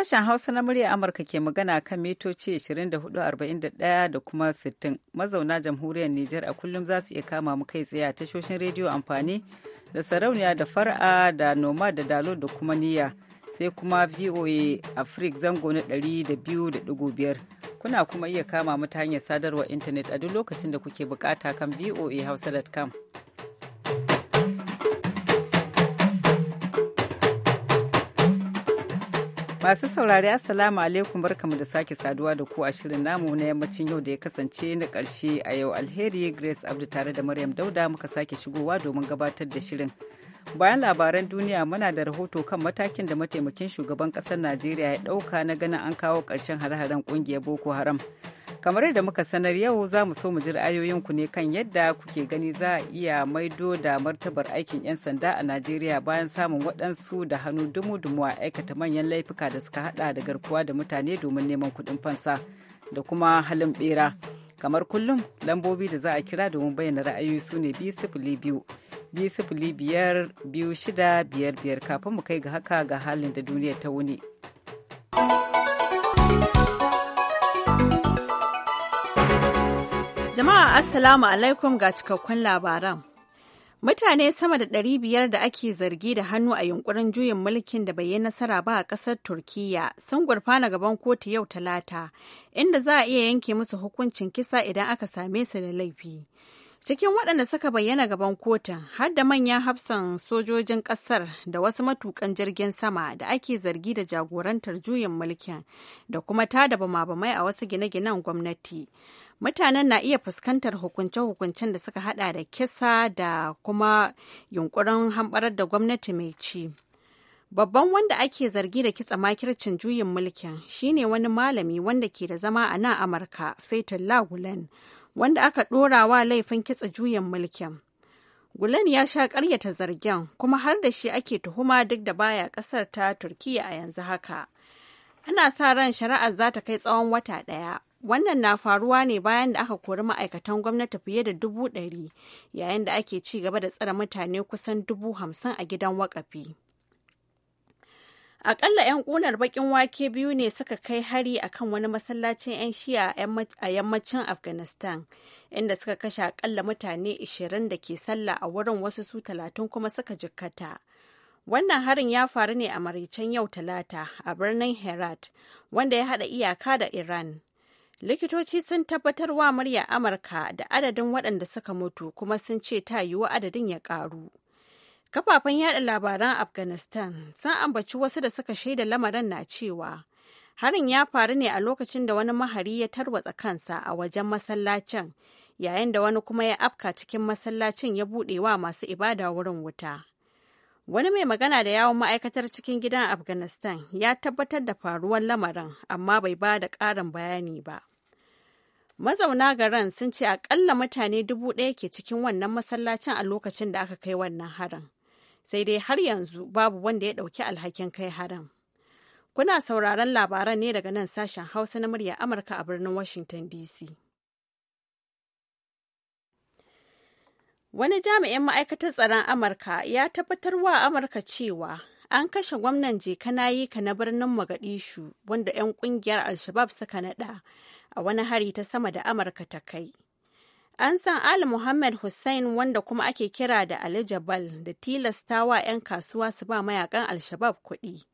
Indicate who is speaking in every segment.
Speaker 1: Sashen Hausa na murya Amurka ke magana kan mitoci 24,41 da kuma 60. Mazauna jamhuriyar Nijar a kullum za su iya kama mu kai tsaye a tashoshin rediyo amfani da sarauniya da fara da noma da dalo da kuma niyya. Sai kuma VOA Africa zango na 200.5. Kuna kuma iya kama mu ta hanyar sadarwar intanet a duk lokacin da kuke bukata kan voahausa.com. Masu saurari Assalamu alaikum barkamu da sake saduwa da ku a shirin namu na yammacin yau da ya kasance na ƙarshe a yau alheri Grace Abdu tare da Maryam Dauda muka sake shigowa domin gabatar da shirin. Bayan labaran duniya muna da rahoto kan matakin da mataimakin shugaban ƙasar Najeriya ya ɗauka na ganin an kawo ƙarshen hare-haren ƙungiyar Boko Haram. kamar yadda muka sanar yau za mu so mu ji ra'ayoyinku ne kan yadda kuke gani za a iya maido da martabar aikin 'yan sanda a najeriya bayan samun waɗansu da hannu dumu-dumu a aikata manyan laifuka da suka hada da garkuwa da mutane domin neman kuɗin fansa da kuma halin bera kamar kullum lambobi da za a kira domin bayyana ra'ayoyi su ne biyu sifili biyar biyu shida biyar biyar kafin mu kai ga haka ga halin da duniya ta wuni.
Speaker 2: Jama'a Assalamu alaikum ga cikakkun labaran. Mutane sama da ɗari biyar da ake zargi da hannu a yunkurin juyin mulkin da bai yi nasara ba a ƙasar Turkiyya sun gurfana gaban kotu yau Talata, inda za a iya yanke musu hukuncin kisa idan aka same su da laifi. Cikin waɗanda suka bayyana gaban kotun har da manyan hafsan sojojin ƙasar da wasu matukan jirgin sama da ake zargi da jagorantar juyin mulkin da kuma tada bama-bamai a wasu gine-ginen gwamnati. mutanen na iya fuskantar hukunce-hukuncen da suka hada da kisa da kuma yunkurin hamɓarar da gwamnati mai ci. Babban wanda ake zargi da kitsa makircin juyin mulkin shine wani malami wanda ke da zama a nan Amurka, fetur Gulen, wanda aka ɗora wa laifin kitsa juyin mulkin. Gulen ya sha ƙaryata zargen kuma har da shi ake tuhuma duk da baya ƙasar ta Turkiyya a yanzu haka. Ana sa ran shari'ar za ta kai tsawon wata ɗaya. Wannan na faruwa ne bayan da aka kori ma'aikatan gwamnati fiye da dubu ɗari yayin da ake ci gaba da tsare mutane kusan dubu hamsin a gidan wakafi. Akalla 'yan ƙunar baƙin wake biyu ne suka kai hari a kan wani masallacin 'yan shiya a yammacin Afghanistan, inda suka kashe akalla mutane 20 da ke sallah a wurin wasu su 30 kuma suka jikkata. Wannan harin ya faru ne a maraicen yau Talata a birnin Herat, wanda ya haɗa iyaka da Iran. likitoci sun tabbatar wa murya amurka da adadin waɗanda suka mutu kuma sun ce ta yiwu adadin ya ƙaru kafafen yada labaran afghanistan sun ambaci wasu da suka shaida lamarin na cewa harin ya faru ne a lokacin da wani mahari ya tarwatsa kansa a wajen masallacin yayin da wani kuma ya afka cikin masallacin ya buɗe wa masu ibada wurin wuta Wani mai magana da yawon ma'aikatar cikin gidan Afghanistan ya tabbatar da faruwar lamarin amma bai ba da ƙarin bayani ba. Mazauna garin sun ce akalla mutane dubu ɗaya ke cikin wannan masallacin a lokacin da aka kai wannan harin. Sai dai har yanzu babu wanda ya ɗauki alhakin kai harin. Kuna sauraron labaran ne daga nan sashen Hausa na murya Amurka a birnin Washington DC. Wani jami'in ma'aikatar tsaron Amurka ya tabbatar wa Amurka cewa an kashe gwamnan Jekanayi ka na birnin Mogadishu wanda 'yan kungiyar Alshabab suka naɗa a wani hari ta sama da Amurka ta kai. An san Ali Muhammad Hussein wanda kuma ake kira da Ali Jabal da tilastawa 'yan kasuwa su ba mayakan Alshabab kuɗi.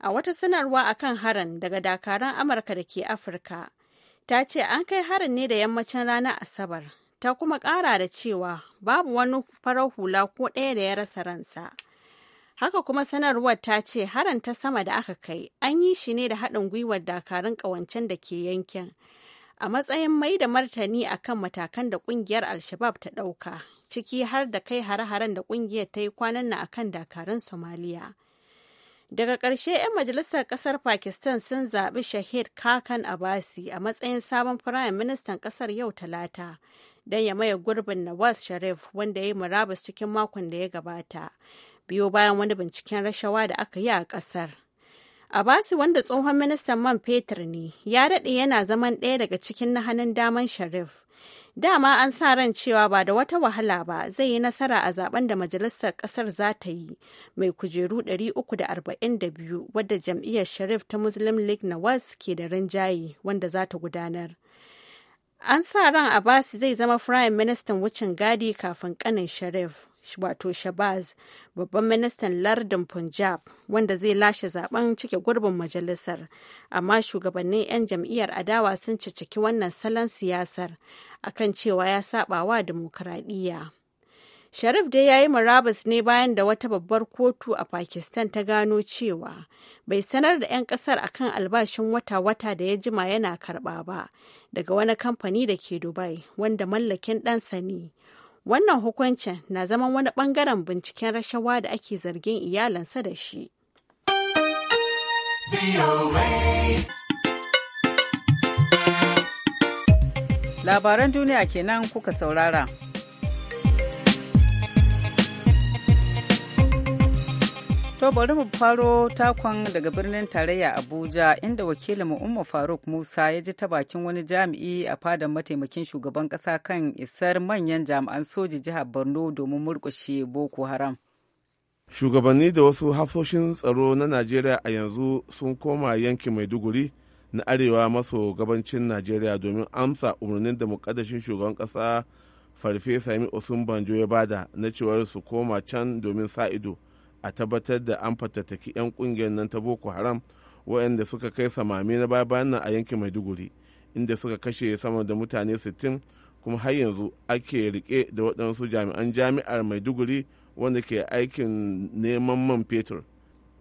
Speaker 2: A wata sanarwa a kan harin daga dakaran Amurka da ke Afirka, ta ce an kai harin ne da yammacin ranar Asabar ta kuma ƙara da cewa babu wani farar hula ko ɗaya da ya rasa ransa. Haka kuma sanarwar ta ce haran ta sama da aka kai an yi shi ne da haɗin gwiwar dakarun ƙawancen da ke yankin. A matsayin mai da martani akan matakan da ƙungiyar Alshabab ta ɗauka, ciki har da kai hare-haren da ƙungiyar ta yi kwanan na akan dakarun Somaliya. Daga ƙarshe 'yan majalisar ƙasar Pakistan sun zaɓi Shahid Kakan Abasi a matsayin sabon firayim ministan ƙasar yau talata. Don ya maye gurbin Nawaz Sharif wanda ya yi murabus cikin makon da ya gabata. Biyo bayan wani binciken rashawa da aka yi a ƙasar. Abasi wanda tsohon ministan man fetur ne ya daɗe yana zaman ɗaya daga cikin na hannun daman Sharif. Dama an sa ran cewa ba da wata wahala ba zai yi nasara a zaben da majalisar kasar za ta yi mai kujeru 342 wadda jam'iyyar Sharif ta Muslim League Nawaz ke da rinjaye wanda za ta gudanar. An sa ran Abbas zai zama Firayim Ministan wucin gadi kafin kanin Sharif. wato Shabaz babban ministan lardin Punjab wanda zai lashe zaben cike gurbin majalisar amma shugabannin 'yan jam'iyyar adawa sun cicciki wannan salon siyasar akan cewa ya saba wa dimokuraɗiyya. Sharif dai ya yi murabus ne bayan da wata babbar kotu a Pakistan ta gano cewa bai sanar da 'yan kasar akan albashin wata-wata da ya jima yana karba ba daga wani kamfani da ke Dubai wanda mallakin ɗansa ne Wannan hukuncin na zaman wani bangaren binciken rashawa da ake zargin iyalansa da shi.
Speaker 1: Labaran duniya kenan kuka saurara. To bari mu faro takon daga birnin tarayya Abuja inda wakilin Umma Faruk Musa ya ji ta bakin wani jami'i a fadan mataimakin shugaban kasa kan isar manyan jami'an soji jihar Borno domin murkushe Boko Haram.
Speaker 3: Shugabanni da wasu hafsoshin tsaro na Najeriya a yanzu sun koma yankin Maiduguri na arewa maso gabancin Najeriya domin amsa umarnin da mukaddashin shugaban kasa Farfesa Sami Osun Banjo ya bada na cewar su koma can domin sa ido. a tabbatar da an fatattaki 'yan kungiyar nan ta boko haram waɗanda suka kai samame na bayan nan a yankin maiduguri inda suka kashe sama da mutane 60 kuma har yanzu ake rike da waɗansu jami'an jami'ar maiduguri wanda ke aikin neman man fetur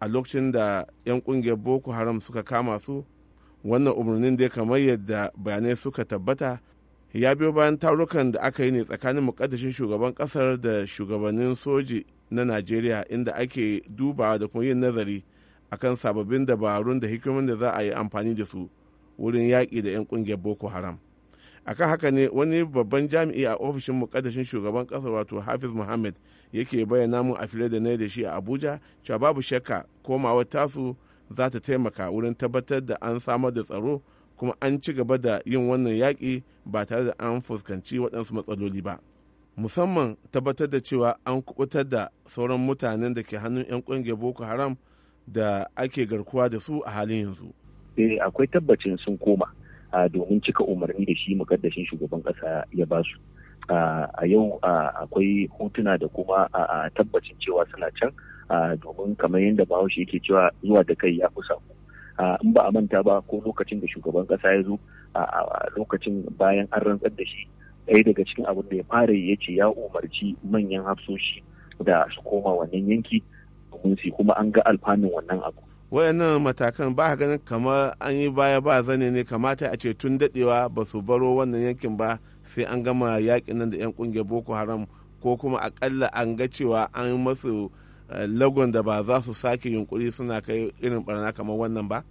Speaker 3: a lokacin da 'yan kungiyar boko haram suka kama su wannan umarnin dai kamar yadda bayanai suka tabbata ya biyo bayan tarukan da aka yi ne tsakanin mukaddashin shugaban kasar da shugabannin soji na najeriya inda ake dubawa da kuma yin nazari akan sababbin dabarun da hikimin da za a yi amfani da su wurin yaƙi da 'yan ƙungiyar boko haram akan haka ne wani babban jami'i a ofishin mukaddashin shugaban kasar wato hafiz muhammad yake bayyana mu a fili da na da shi a abuja cewa babu shakka komawa tasu za ta taimaka wurin tabbatar da an samar da tsaro kuma an ci gaba da yin wannan yaƙi ba tare da an fuskanci waɗansu matsaloli ba musamman tabbatar da cewa an kubutar da sauran mutanen da ke hannun 'yan ƙungiyar boko haram da ake garkuwa da su a halin yanzu
Speaker 4: eh akwai tabbacin sun koma domin cika umarni da shi mukaddashin shugaban ƙasa ya ba su a yau akwai hotuna da kuma tabbacin cewa suna can domin kamar yadda bahaushe yake cewa zuwa da kai ya fi samu in ba a manta ba ko lokacin da shugaban kasa ya zo a lokacin bayan an rantsar da shi ɗaya daga cikin abin da ya fara ya ce ya umarci manyan hafsoshi da su koma wannan yanki domin su kuma an ga alfanun wannan
Speaker 3: abu wayannan matakan ba ganin kamar an yi baya ba zane ne kamata a ce tun dadewa ba su baro wannan yankin ba sai an gama yakin nan da yan kungiyar boko haram ko kuma akalla an ga cewa an masu lagon da ba za su sake yunkuri suna kai irin barna kamar wannan ba?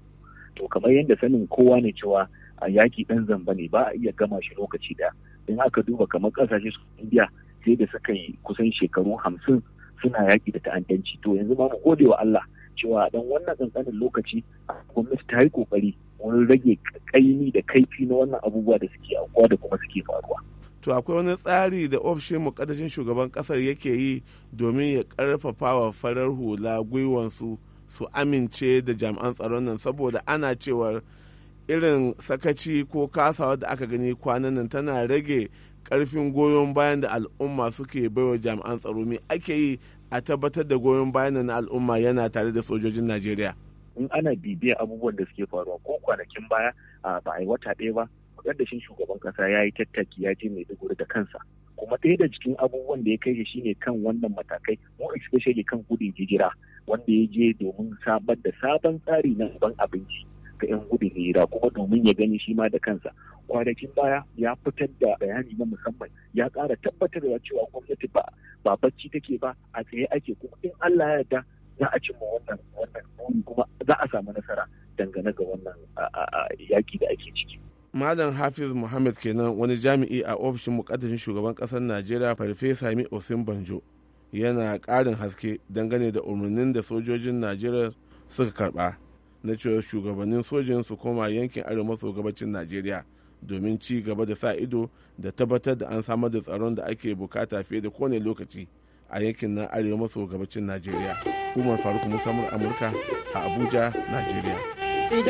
Speaker 4: To kamar yadda sanin kowa ne cewa a yaki ɗan zamba ne ba a iya gama shi lokaci da in aka duba kamar ƙasashe su indiya sai da suka yi kusan shekaru hamsin suna yaki da ta'addanci to yanzu ba mu gode wa Allah cewa dan wannan tsantsanin lokaci gwamnati ta yi kokari wurin rage kaini da kaifi na wannan abubuwa da suke aukuwa da kuma suke faruwa.
Speaker 3: to akwai wani tsari da ofishin mukaddashin shugaban kasar yake yi domin ya karfafa wa farar hula gwiwansu su amince da jami'an tsaron nan saboda ana cewar irin sakaci ko kasawa da aka gani kwanan nan tana rage karfin goyon bayan da al'umma suke baiwa jami'an tsaro me ake yi a tabbatar da goyon bayan na al'umma yana tare da sojojin najeriya
Speaker 4: in ana bibiyar abubuwan da suke faruwa ko kwanakin baya ba a yi wata ɗaya ba da shi shugaban kasa ya yi tattaki ya je maiduguri da kansa kuma ɗaya da cikin abubuwan da ya kai shi shine kan wannan matakai mu especially kan gudun hijira wanda ya je domin sabar da sabon tsari na ban abinci ga 'yan gudun hijira kuma domin ya gani shi ma da kansa kwanakin baya ya fitar da bayani na musamman ya kara tabbatar da cewa gwamnati ba ba bacci take ba a tsaye ake kuma in Allah ya yarda za a cimma wannan wannan kuma za a samu nasara dangane ga wannan yaki da ake ciki.
Speaker 3: Malam Hafiz Muhammad kenan wani jami'i a ofishin mukaddashin shugaban ƙasar Najeriya Farfesa Mi Osin Banjo yana karin haske dangane da umarnin da sojojin Najeriya suka karɓa na cewa shugabannin sojin su koma yankin arewa maso gabacin Najeriya domin ci gaba da sa ido da tabbatar da an samar da tsaron da ake bukata fiye da kowane lokaci a yankin na arewa maso gabacin Najeriya. Umar Faruk musamman Amurka a Abuja, Najeriya.
Speaker 1: To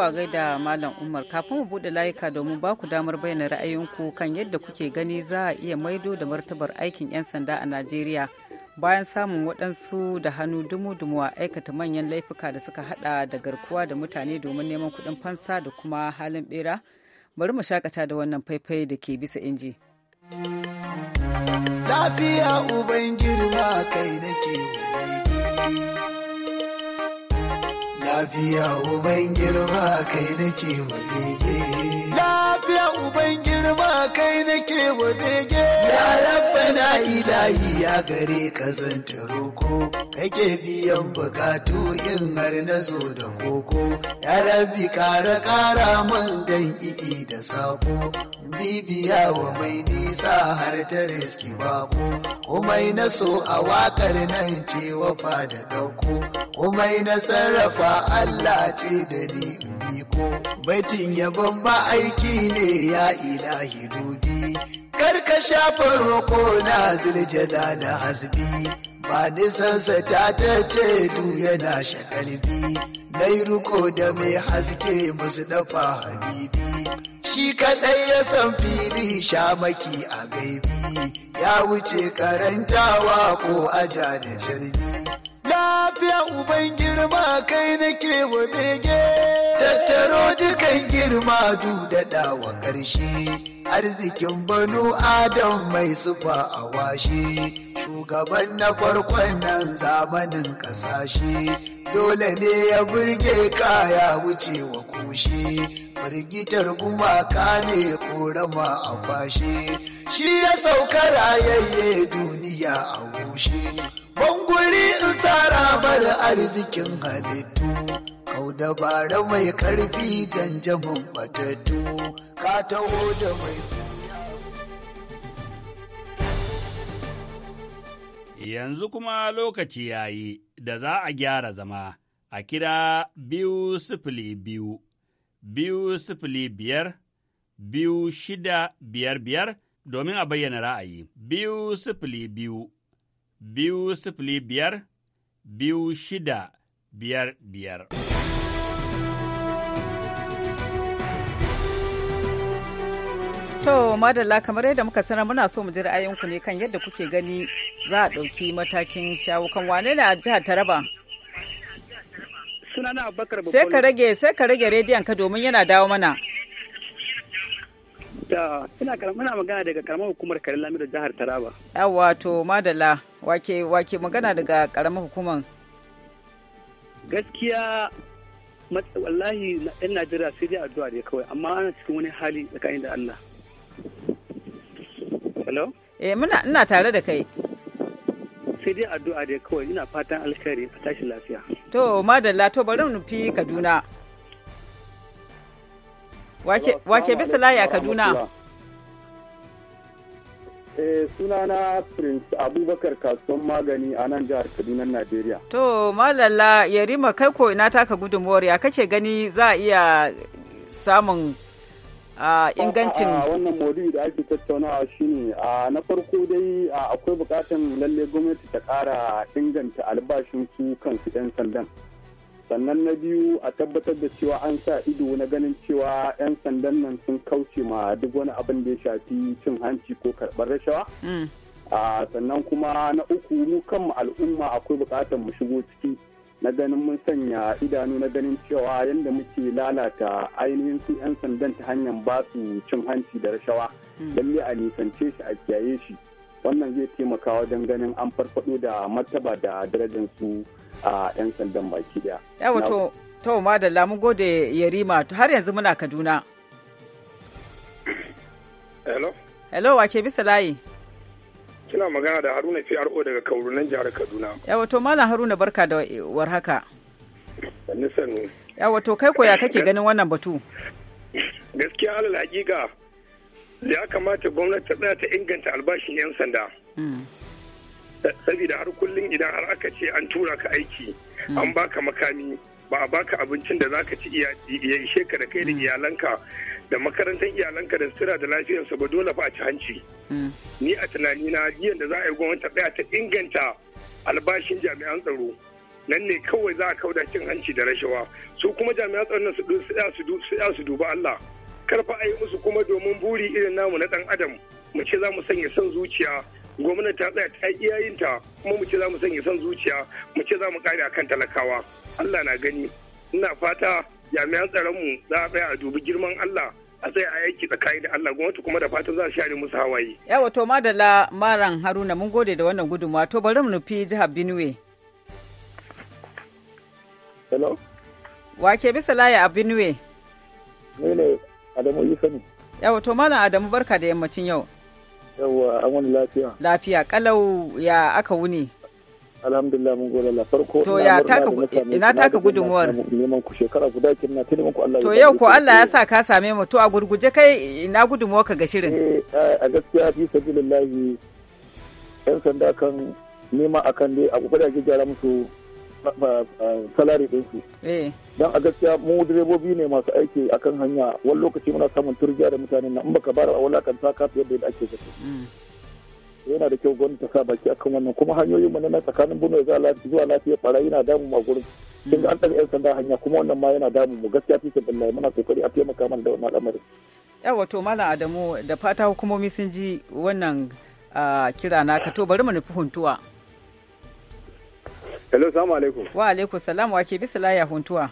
Speaker 1: a gaida Malam Umar kafin mu buɗe layuka domin ba ku damar bayyana ra'ayinku kan yadda kuke gani za a iya maido da martabar aikin 'yan sanda a Najeriya bayan samun waɗansu da hannu dumu-dumu a aikata manyan laifuka da suka hada da garkuwa da mutane domin neman kuɗin fansa da kuma halin bera. Bari mu shakata da wannan faifai da ke bisa inji. Lafiya uban
Speaker 5: ma kai nake lafiya uban girma kai nake magege. uban girma kai nake wa bege ya na ilahi ya gare ka zanta roko kake biyan bukatu yin har na zo da koko ya rabbi kara kara man dan i'i da sako bibiya wa mai nisa har ta riski bako kumai na so a wakar nan ce wafa da dauko kumai na sarrafa Allah ce da ni Baitin ya babba aiki ne ya ilahi dubi, karka shafa roƙo na ziljada da hasbi, ba nisansa ta ta ce du yana shakalbi, na ruko da mai haske musu dafa habibi. Shi kaɗai ya san fili shamaki a gaibi, ya wuce karantawa ko aja da jirgi. Lafiya uban girma kai nake wa bege. Tattaro dukan girma dudada wa ƙarshe. Arzikin banu Adam mai sufa a washe. Shugaban na farkon nan zamanin ƙasashe. Dole ne ya burge kaya wuce wa kushe. firgitar gumaka ne korama a fashe shi ya sauka rayayye duniya a bushe banguri in tsara bar arzikin halittu kau dabara mai karfi janjamin batattu ka taho da mai
Speaker 4: Yanzu kuma lokaci ya yi da za a gyara zama a kira biyu sifili biyu. biyu sifili biyar biyu shida biyar biyar domin a bayyana ra'ayi biyu sifili biyu biyu sifili biyar biyu shida biyar biyar.
Speaker 1: To, madalla kamar yadda muka sanar muna so mu ji ra'ayinku ne kan yadda kuke gani za a ɗauki matakin shawo kan wane ne a jihar Taraba?
Speaker 6: sunana abubakar sai ka rage
Speaker 1: sai ka rage rediyon ka domin yana dawo mana
Speaker 6: da ina muna magana daga karamar hukumar karin lamido jihar taraba
Speaker 1: yawa to madala wake wake magana daga karamar hukumar
Speaker 6: gaskiya wallahi ɗan najeriya sai dai addu'a ne kawai amma ana cikin wani hali tsakanin da allah
Speaker 1: hello eh muna ina tare da kai
Speaker 6: sai dai addu'a da kawai
Speaker 1: ina fatan alkhairi a tashi lafiya to madalla to bari mu nufi kaduna wake bisa layi a kaduna
Speaker 6: Eh, sunana Prince Abubakar kasuwan magani a nan jihar Kaduna, Najeriya.
Speaker 1: To, malalla Yarima kai ko ina taka gudunmuwar ya kake gani za a iya samun ingancin wannan
Speaker 6: maudu'i da ake tattaunawa shine a na farko dai akwai bukatan lalle gwamnati ta kara inganta albashin su kansu 'yan sandan sannan na biyu a tabbatar da cewa an sa ido na ganin cewa 'yan sandan nan sun kauce ma duk wani abin da ya shafi cin hanci ko karbar rashawa mm. sannan kuma na uku mu kanmu al'umma akwai bukatar mu shigo ciki na ganin mun sanya idanu na ganin cewa yadda muke lalata ainihin su 'yan sandan ta hanyar ba su cin hanci da rashawa hmm. lalle a nisance shi a kiyaye shi wannan zai taimaka wajen ganin an farfado da martaba da darajar su a 'yan sandan baki daya. yawa to
Speaker 1: to madalla mun gode yarima har yanzu muna kaduna hello hello wake bisa layi
Speaker 6: Kina magana da Haruna PRO daga Kaurunan jihar Kaduna.
Speaker 1: Yawa to Malam Haruna barka da warhaka. haka.
Speaker 6: sannu.
Speaker 1: Yawa to kai koya kake ganin wannan batu?
Speaker 6: Gaskiya alal hakika ya kamata gwamnati ta tsaya ta inganta albashin 'yan sanda. Hmm. Saboda har kullum idan har aka ce an tura ka aiki hmm. an baka makami ba a baka abincin da zaka ci iya ishe ka da kai da hmm. iyalanka da makarantar iyalanka da sutura da lafiyarsa ba dole fa a ci hanci. Hmm. Ni a tunani na jiyan da za a yi gwamnati ɗaya ta inganta albashin jami'an tsaro. Nan ne kawai za a kauda cin hanci da rashawa. Su kuma jami'an tsaron su su duba Allah. Karfa a yi musu kuma domin buri irin namu na ɗan adam. Mu ce za mu sanya son zuciya gwamnati ta tsaya ta iyayinta kuma mu ce za mu sanya son zuciya mu ce za mu kare akan talakawa Allah na gani ina fata jami'an tsaron mu za a tsaya a dubi girman Allah a sai a aiki tsakani da Allah gwamnati kuma da fatan za a share musu hawaye.
Speaker 1: Yawa to madalla maran Haruna mun gode da wannan gudunmawa to bari mu nufi jihar Benue. Hello. ke bisa laya a Benue. Ni ne Adamu Yusani. Yawa to malam Adamu barka da yammacin yau. Yawa an wani lafiya. Lafiya kalau ya aka wuni. alhamdulillah mun gode Allah farko to ya taka ina taka gudunmuwar
Speaker 6: neman ku shekara guda kin na tilimin ku Allah to yau ko Allah ya sa
Speaker 1: ka same mu to a gurguje kai ina gudunmuwar ka ga shirin eh, a gaskiya
Speaker 6: fi sabilillahi yan sanda kan nema akan dai a kokari ake gyara musu salari din su eh. dan a gaskiya mu direbobi ne masu aiki akan hanya wani lokaci muna samun turjiya da mutanen nan in baka bara a wulakanta ka fiye da yadda ake zato mm. yana da kyau gwamnati ta sa baki akan wannan kuma hanyoyin mu na tsakanin Borno zuwa lafiyar barayi yana damu ma gurin kin an ɗaga 'yan sanda hanya kuma wannan ma yana damu mu gaskiya fi billahi muna kokari a taimaka mana da wannan al'amari
Speaker 1: yawa to malam Adamu da fata hukumomi sun ji wannan kira naka to bari mu nufi huntuwa
Speaker 6: Hello, salamu alaikum.
Speaker 1: Wa alaikum salam wa ke bisa laya huntuwa.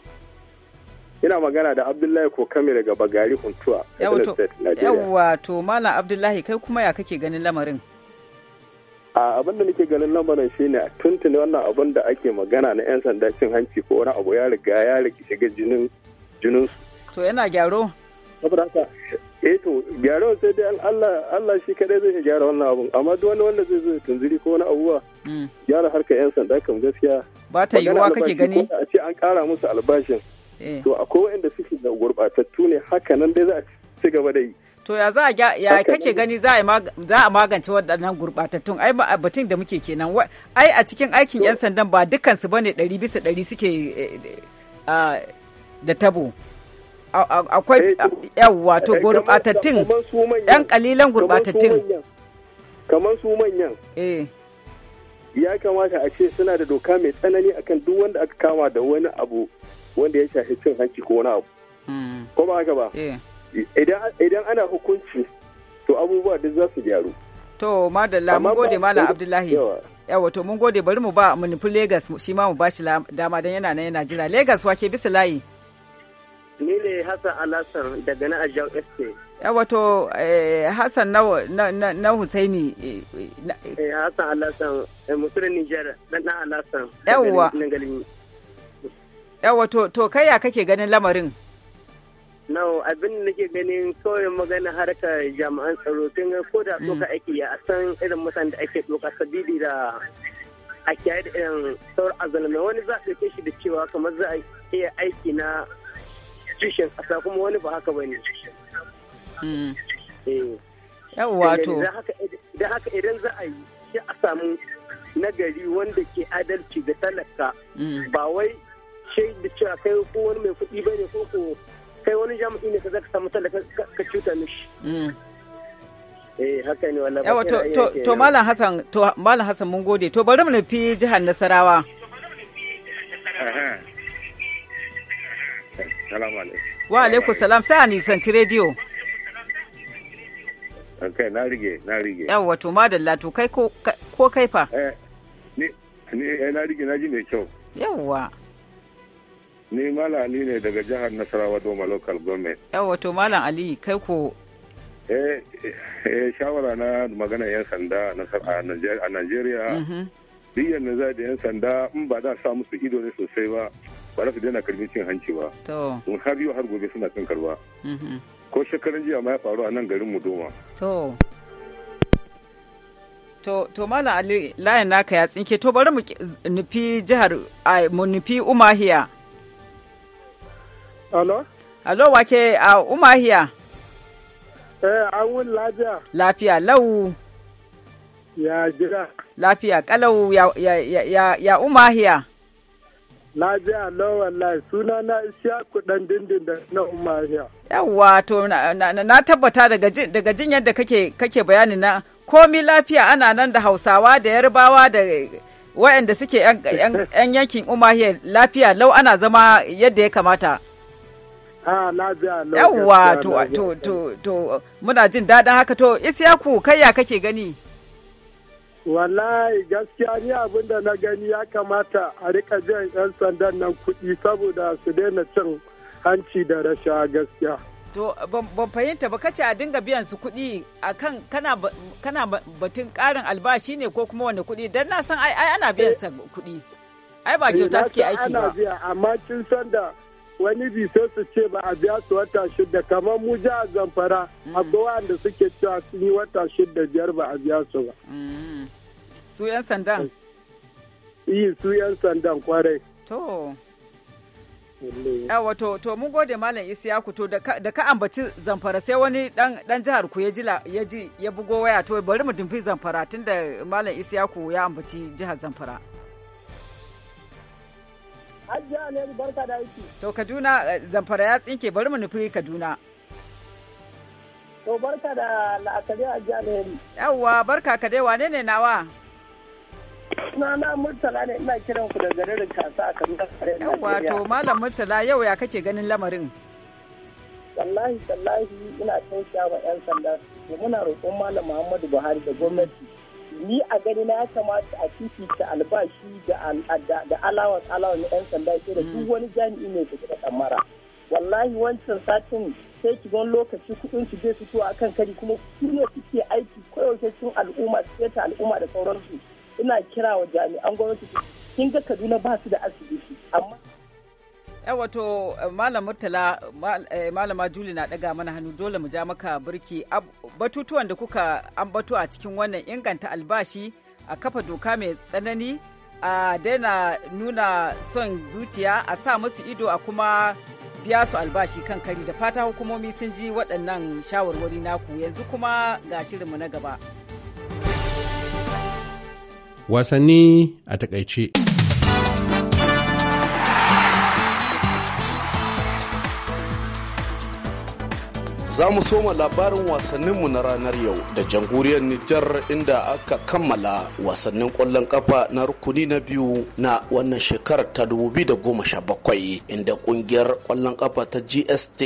Speaker 6: Ina magana da Abdullahi ko kame daga Bagari Huntuwa.
Speaker 1: yawa to Malam Abdullahi kai kuma ya kake ganin lamarin?
Speaker 6: abin da nake ganin lamarin shine tuntuni wannan abin da ake magana na 'yan sanda cin hanci ko wani abu ya riga ya riga shiga jinin jinin
Speaker 1: to yana gyaro saboda haka eh to gyaro sai dai Allah Allah shi
Speaker 6: kadai zai gyara wannan abin amma duk wani wanda zai zo tunziri ko wani abuwa mm. gyara harkar 'yan sanda kan gaskiya
Speaker 1: ba ta yiwuwa kake gani a
Speaker 6: ce an kara musu albashin eh. to akwai wanda suke da gurbatattu ne haka nan dai za a ci gaba da yi
Speaker 1: To ya za ya kake gani za a magance waɗannan gurɓatattun ai batun da muke kenan ai a cikin aikin 'yan sandan ba dukansu ne ɗari bisa ɗari suke eh, eh, ah, da tabo. Akwai yau eh, wato gurɓatattun ɗan ƙalilan gurɓatattun.
Speaker 6: Kamar su manyan. Eh. Ya kamata a ce suna da doka mai tsanani akan duk wanda aka kama da wani abu wanda ya shafi cin hanci ko wani abu. Hmm. Ko ba haka ba? idan ana hukunci to abubuwa duk za su gyaru
Speaker 1: to madalla mun gode malam abdullahi yawa to mun gode bari mu ba mu nufi Legas shi ma mu bashi dama don yana nan yana jira Legas wake bisa layi ni
Speaker 7: ne Hassan Alassan daga na Ajau Este
Speaker 1: yawa to eh, Hassan na Husaini eh, eh.
Speaker 7: eh Hassan Alassan mutumin Niger dan na Alasan
Speaker 1: yawa yawa to to kai ya kake ganin lamarin
Speaker 7: nawa abin da nake ganin kawai magana harkar jami'an tsaro ga ko da mm. doka ake a san irin mutane da ake doka sabili da a kiyaye da irin saur azalmai wani za a ɗauke shi da cewa kamar za a iya aiki na tushen ƙasa kuma wani ba haka ba ne. Mm. Eh.
Speaker 1: Yawwa eh, to.
Speaker 7: Da haka idan za a yi shi a samu nagari wanda ke adalci da talaka mm. ba wai shi da cewa kai ko wani mai kuɗi ba ne ko ko kai wani jami'i ne ka zaka samu talaka ka cuta mishi
Speaker 2: mm.
Speaker 4: Eh,
Speaker 7: haka ne wallahi to to to malam
Speaker 1: hasan to malam Hassan mun gode to bari mu nufi jihar nasarawa salamu alaikum wa alaikum salam sai a nisanci rediyo
Speaker 6: Okay, na rige na rige
Speaker 1: yawa to madalla to kai ko kai fa Eh,
Speaker 6: ni, ni eh, na rige na ji mai kyau yawa Ni Malam Ali ne daga jihar Nasarawa Doma Local Government.
Speaker 1: Yawa to Malam Ali kai ko eh, eh, eh shawara
Speaker 6: na magana 'yan sanda a Najeriya. Biyan na za da 'yan sanda in ba za sa musu ido ne sosai ba ba za su daina karbin cin hanci ba. To. har yau har gobe suna cin karba. Mm-hmm. Ko shekaran jiya ma ya faru a nan garin mu Doma.
Speaker 1: To. To, to Malam Ali layin naka ya tsinke to bari mu nufi jihar mu nufi Umahiya. Alo? Alo wake a Umahiya.
Speaker 6: Eh, awun lafiya.
Speaker 1: Lafiya lau.
Speaker 6: Ya jira.
Speaker 1: Lafiya kalau ya, ya, ya, ya, Umahiya.
Speaker 6: Lafiya lau wallahi suna na isya kudan dindin da na
Speaker 1: Umahiya. Yawwa to na, tabbata daga jin yadda kake kake bayani na komi lafiya ana nan da Hausawa da Yarbawa da waɗanda suke 'yan yankin Umahiya lafiya lau ana zama yadda ya kamata. yawwa to to to to muna jin daɗin haka to isyaku kai ya kake gani
Speaker 6: wallahi gaskiya ni abin da na gani ya kamata a rika jan 'yan sandan nan kuɗi saboda su daina cin hanci da rasha gaskiya
Speaker 1: to ban fahimta ba kace a dinga biyan su kuɗi akan kana kana batun ƙarin albashi ne ko kuma wani kuɗi dan na san ai ana biyan sa kuɗi ai ba eh, kyauta suke aiki ba ana biya
Speaker 6: amma kin san da wani bi sai su ce ba a biya su wata shida kamar mu a zamfara mm. akwai wanda suke cewa sun yi wata shida
Speaker 1: biyar ba a biya su ba. Mm. su 'yan sandan? iya su 'yan sandan kwarai. to yawa to to mun gode malam isiyaku to da ka ambaci zamfara sai wani dan jihar ku ya ji ya bugo waya to bari mu dimfi zamfara tunda malam isiyaku ya ambaci jihar zamfara.
Speaker 7: Ajiya Alheri barka da aiki.
Speaker 1: To Kaduna eh, zamfara ya tsinke bari mu nufi Kaduna. To barka da la'akari Ajiya Alheri. Yawwa barka ka dai wane ne nawa? Na na Murtala ne ina kiran ku da garin kasa a Kaduna. Yawwa to Malam Murtala yau ya kake ganin lamarin?
Speaker 7: Wallahi wallahi ina tausaya wa 'yan sanda. Muna roƙon Malam Muhammadu Buhari da gwamnati ni a gani na ya kamata a fifita albashi da alawa alawan na 'yan sanda ke da duk mm. wani jami'i ne da ta kamara wallahi wancan satin sai ki wani lokaci kudin su zai fito akan kari kuma su ne suke aiki koyaushe sun al'umma su ta al'umma da sauransu ina kira wa jami'an gwamnati kin ga kaduna ba su da asibiti amma
Speaker 1: Eh, wato eh, malam eh, malama juli na daga mana hannu dole mu ja maka birki batutuwan da kuka ambato a cikin wannan inganta albashi a kafa doka mai tsanani a daina nuna son zuciya a sa musu ido a kuma biya su albashi kan kari da fata hukumomi sun ji waɗannan shawarwari naku yanzu kuma ga shirinmu na gaba
Speaker 8: wasanni a takaice
Speaker 7: Za mu soma labarin wasanninmu na ranar yau da jamhuriyar Nijar inda aka kammala wasannin ƙwallon kafa na rukuni na biyu na wannan shekarar ta bakwai, inda ƙungiyar ƙwallon kafa ta GST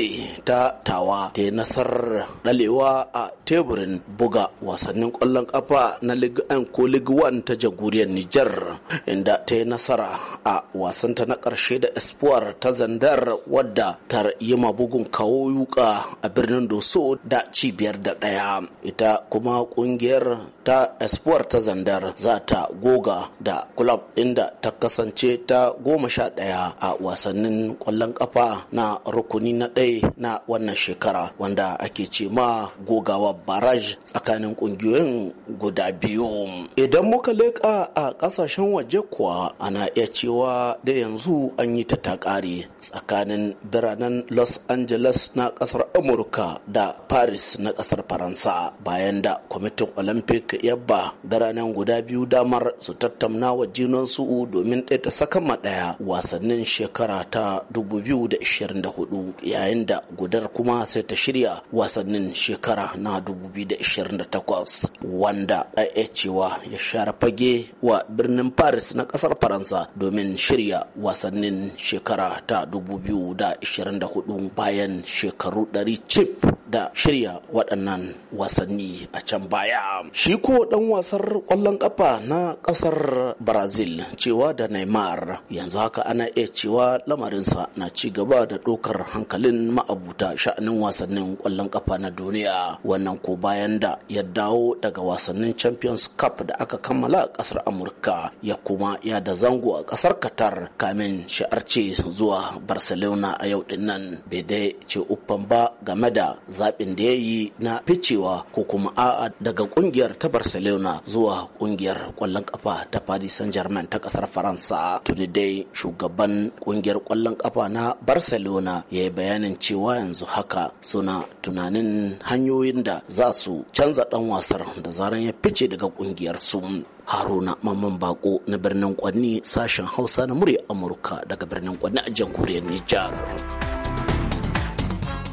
Speaker 7: ta tawa ta yi nasarar ɗalewa a teburin buga wasannin kwallon kafa na Ligue 1 ko Ligue 1 ta jamhuriyar Nijar inda ta yi nasara a wasanta na ƙarshe da Espoir ta Zandar wadda ta yi ma bugun kawo yuka a birnin birnin doso da cibiyar da ɗaya ita kuma ƙungiyar ta espoir ta zandar za ta goga da club inda ta kasance ta goma sha ɗaya a wasannin ƙwallon ƙafa na rukuni na ɗaya na wannan shekara wanda ake ce ma gogawa baraj tsakanin ƙungiyoyin guda biyu idan muka leƙa a ƙasashen waje kuwa ana iya cewa da yanzu an yi ta takari, tsakanin biranen los angeles na ƙasar amurka da paris na ƙasar faransa bayan da kwamitin olympic yabba da ranar guda biyu damar su tattauna wa jinon su domin ɗaya ta sakama ɗaya wasannin shekara ta 2024 yayin da gudar kuma sai ta shirya wasannin shekara na 2028 wanda a cewa ya share fage wa birnin paris na ƙasar faransa domin shirya wasannin shekara ta 2024 bayan shekaru 100 cif da shirya waɗannan wasanni a can baya. Shi ko ɗan wasar ƙwallon ƙafa na ƙasar Brazil cewa da Neymar yanzu haka ana iya cewa lamarinsa na ci gaba da ɗaukar hankalin ma'abuta sha'anin wasannin ƙwallon ƙafa na duniya wannan ko bayan da ya dawo daga wasannin Champions Cup da aka kammala a ƙasar Amurka ya kuma ya da zango a ƙasar Qatar kamin shi'arce zuwa Barcelona a yau ɗin nan bai dai ce uffan ba game da zaɓin da ya yi na ficewa ko kuma a'a daga ƙungiyar ta barcelona zuwa ƙungiyar ƙwallon ƙafa ta paris saint germain ta ƙasar faransa tuni dai shugaban ƙungiyar ƙwallon ƙafa na barcelona ya yi bayanin cewa yanzu haka suna tunanin hanyoyin da za su canza ɗan wasar da zaran ya fice daga ƙungiyar su haruna mamman bako na birnin kwanni sashen hausa na murya amurka daga birnin kwanni a jamhuriyar nijar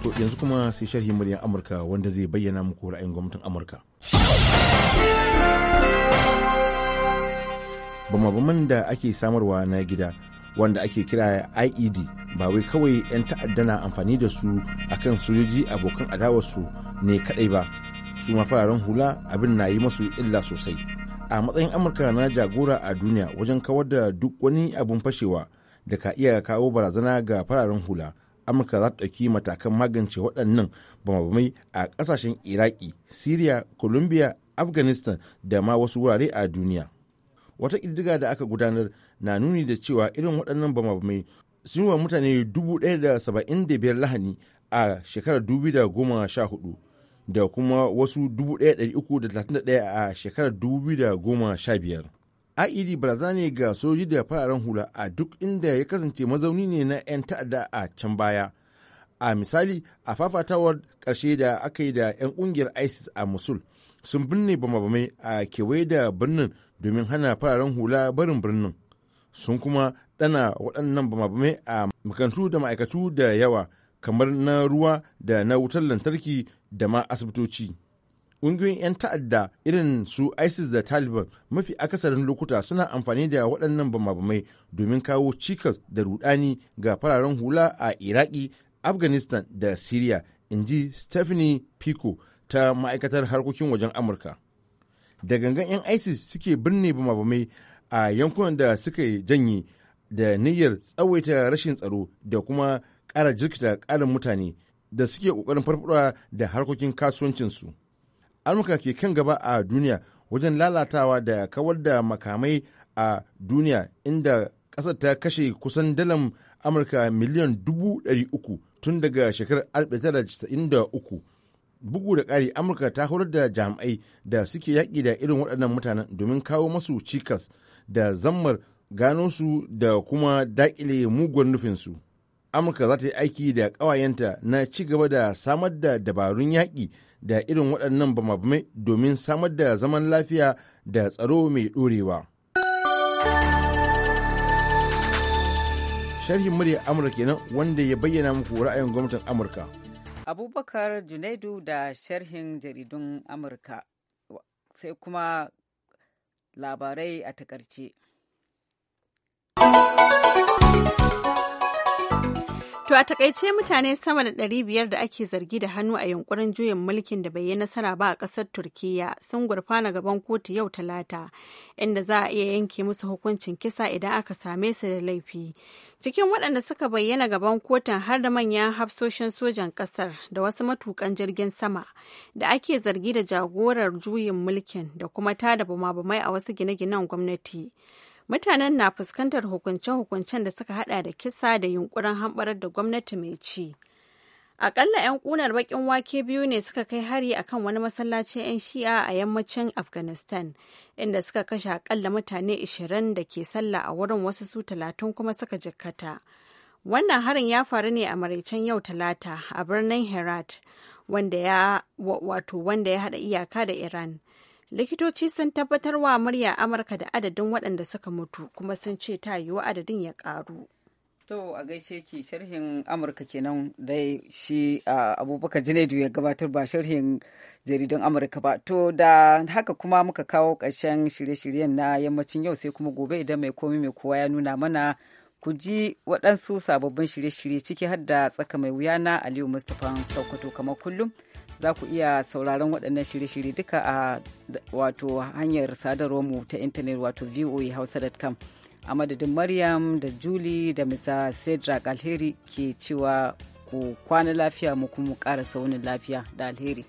Speaker 8: To yanzu kuma sai sharhi muryar Amurka wanda zai bayyana muku ra'ayin gwamnatin Amurka. Bamabaman da ake samarwa na gida wanda ake kira IED ba wai kawai 'yan ta'adda na amfani da su akan sojoji abokan adawarsu ne kadai ba su ma fararen hula abin na yi masu illa sosai a matsayin amurka na jagora a duniya wajen kawar da duk wani abin fashewa da ka iya kawo barazana ga fararen hula amurka za ta ɗauki matakan magance waɗannan bamabamai a ƙasashen iraki syria colombia afghanistan da ma wasu wurare a duniya wata ƙididdiga da aka gudanar na nuni da cewa irin waɗannan bamabamai sun yi wa mutane 1,075 lahani a shekarar 2014 da kuma wasu 1,331 a shekarar 2015 a'idi e barazana ne ga soji da fararen hula a duk inda ya kasance mazauni ne na 'yan ta'adda a can baya a misali a fafatawar ƙarshe da aka yi da 'yan ƙungiyar isis a mosul sun binne bama a kewaye da birnin domin hana fararen hula barin birnin sun kuma ɗana waɗannan bama a makarantu da ma'aikatu da yawa kamar na ruwa da na wutar lantarki da ma asibitoci. ƙungiyoyin 'yan ta'adda irin su isis da taliban mafi akasarin lokuta suna amfani da waɗannan bamabamai domin kawo cikas da rudani ga fararen hula a iraki afghanistan da syria in ji stephanie pico ta ma'aikatar harkokin wajen amurka da gangan 'yan isis suke birne bamabamai a yankunan da suka janye da niyyar tsawaita rashin tsaro da kuma ƙara jirkita ƙarin mutane da suke ƙoƙarin farfaɗa da harkokin kasuwancinsu. amurka ke kan gaba a duniya wajen lalatawa da kawar da makamai a duniya inda ƙasar ta kashe kusan dalan amurka miliyan dubu uku tun daga shekarar 1993 bugu da ƙari amurka ta horar da jami'ai da suke yaƙi da irin waɗannan mutanen domin kawo masu cikas da zammar gano su da kuma daƙile mugun nufinsu. amurka za ta yi aiki da ƙawayenta na ci gaba da samar da dabarun yaƙi da irin waɗannan bamabamai domin samar da zaman lafiya da tsaro mai ɗorewa. sharhin murya amurka kenan wanda ya bayyana muku ra'ayin gwamnatin amurka
Speaker 1: abubakar junaidu da sharhin jaridun amurka sai kuma labarai a takarce.
Speaker 2: To a takaice mutane sama da ɗari biyar da ake zargi da hannu a yunkurin juyin mulkin da bai yi nasara ba a ƙasar Turkiyya sun gurfana gaban kotu yau talata inda za a iya yanke musu hukuncin kisa idan aka same su da laifi. Cikin waɗanda suka bayyana gaban kotun har da manyan hafsoshin sojan ƙasar da wasu matukan jirgin sama da ake zargi da jagorar juyin mulkin da kuma tada bama-bamai a wasu gine-ginen gwamnati. mutanen na fuskantar hukunce-hukuncen da suka hada da kisa da yunkurin hamɓarar da gwamnati mai ci akalla 'yan kunar bakin wake biyu ne suka kai hari akan wani masallacin 'yan shi'a a yammacin afghanistan inda suka kashe akalla mutane 20 da ke sallah a wurin wasu su talatin kuma suka jikkata wannan harin ya faru ne a maraicen yau talata a birnin herat wato wanda ya hada iyaka da iran likitoci sun tabbatar wa murya amurka da adadin waɗanda suka mutu kuma sun ce ta yiwu adadin ya ƙaru
Speaker 1: to a gaishe ki sharhin amurka kenan dai shi abubakar janaidu ya gabatar ba sharhin jaridun amurka ba to da haka kuma muka kawo ƙarshen shirye-shiryen na yammacin yau sai kuma gobe idan mai komi mai kowa ya nuna mana ku ji waɗansu sababbin shirye-shirye ciki har da tsaka mai wuya na aliyu mustapha sokoto kamar kullum za ku iya sauraron waɗannan shirye-shirye duka a wato hanyar mu ta intanet wato voahausa.com a madadin maryam da julie da misa sedra alheri ke cewa ku kwana lafiya mu kuma ƙara saunin lafiya da alheri